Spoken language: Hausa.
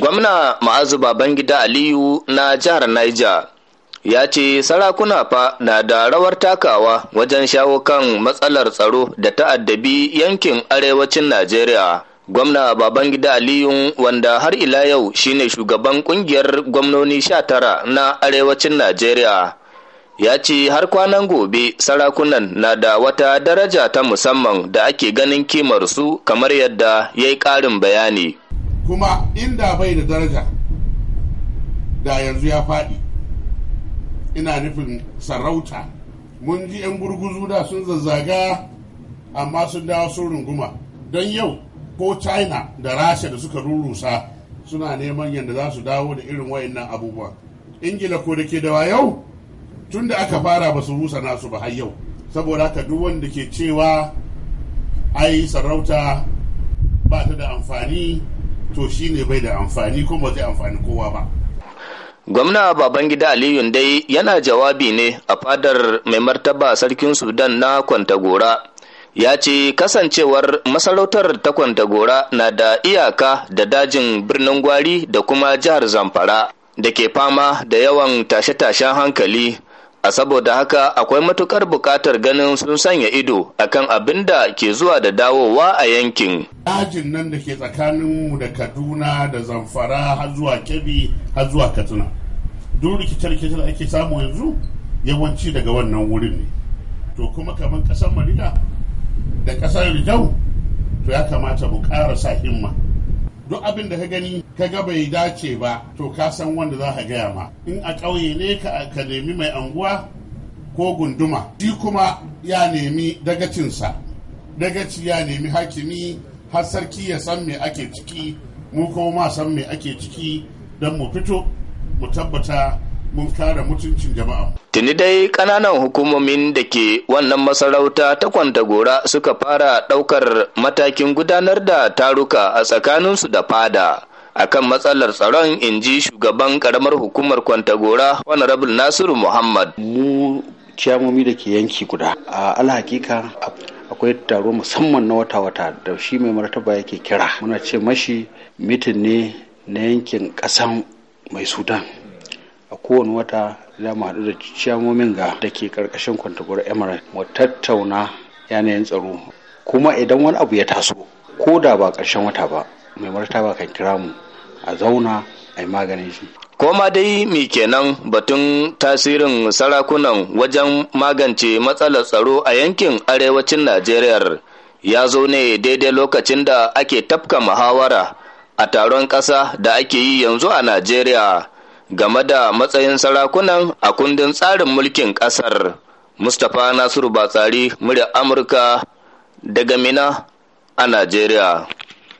Gwamna Ma'azu Babangida Aliyu na jihar Niger ya ce sarakuna fa na da rawar takawa wajen shawo kan matsalar tsaro da ta'addabi yankin arewacin Najeriya. Gwamna Babangida Aliyu wanda har ila yau shine shugaban kungiyar gwamnoni sha tara na arewacin Najeriya. Ya ce har kwanan gobe sarakunan na da wata daraja ta musamman da ake ganin kimarsu kamar yadda ya yi ƙarin bayani. kuma inda bai da daraja da yanzu ya faɗi ina nufin sarauta mun ji 'yan gurguzu da sun zazzaga amma sun dawo sun runguma don yau ko china da rasha da suka rurusa suna neman yadda za su dawo da irin wayannan abubuwa ingila ko da ke dawa yau tun da aka fara ba su rusa nasu ba har yau saboda haka duk wanda ke cewa ai sarauta ba ta da amfani to ne bai da amfani kuma zai amfani kowa ba gwamna babangida aliyun dai yana jawabi ne a fadar mai martaba sarkin sudan na kwantagora ya ce kasancewar masarautar ta kwantagora na da iyaka da dajin birnin gwari da kuma jihar zamfara da ke fama da yawan tashe-tashen hankali a saboda haka akwai matukar bukatar ganin sun sanya ido akan abin da ke zuwa da dawowa a yankin dajin nan da ke mu da kaduna da zamfara har zuwa kebbi har zuwa katsina duk rikice-rikice da ake samu yanzu yawanci daga wannan wurin ne to kuma kamar kasar marida da kasar rijau to ya kamata mu ƙara sa himma duk abin da ka gani ka ga bai dace ba to ka san wanda za ka gaya ma in a ƙauye ne ka ka nemi mai anguwa ko gunduma shi kuma ya nemi dagacinsa dagaci ya nemi hakimi har sarki ya san me ake ciki mu kuma ma san me ake ciki don mu fito mu tabbata mun kare mutuncin jama'a. Tuni dai ƙananan hukumomin da ke wannan masarauta ta Kwantagora suka fara ɗaukar matakin gudanar da taruka a tsakaninsu da fada. a kan matsalar tsaron in ji shugaban karamar hukumar kwantagora honorable nasiru muhammad mu ciyamomi da ke yanki guda a alhakika akwai taro musamman na wata-wata da shi mai martaba yake kira muna ce mashi mitin ne na yankin ƙasan mai sudan a kowane wata za mu haɗu da ciyamomin ga da ke ƙarƙashin kwantagwar emirate mu tattauna yanayin tsaro kuma idan wani abu ya taso ko da ba ƙarshen wata ba mai martaba kan kira mu a zauna a yi maganin shi koma dai mi kenan batun tasirin sarakunan wajen magance matsalar tsaro a yankin arewacin najeriya ya zo ne daidai lokacin da ake tafka muhawara a taron ƙasa da ake yi yanzu a najeriya game da matsayin sarakunan a kundin tsarin mulkin ƙasar. Mustapha Nasiru Batsari, murya Amurka daga Mina a Najeriya.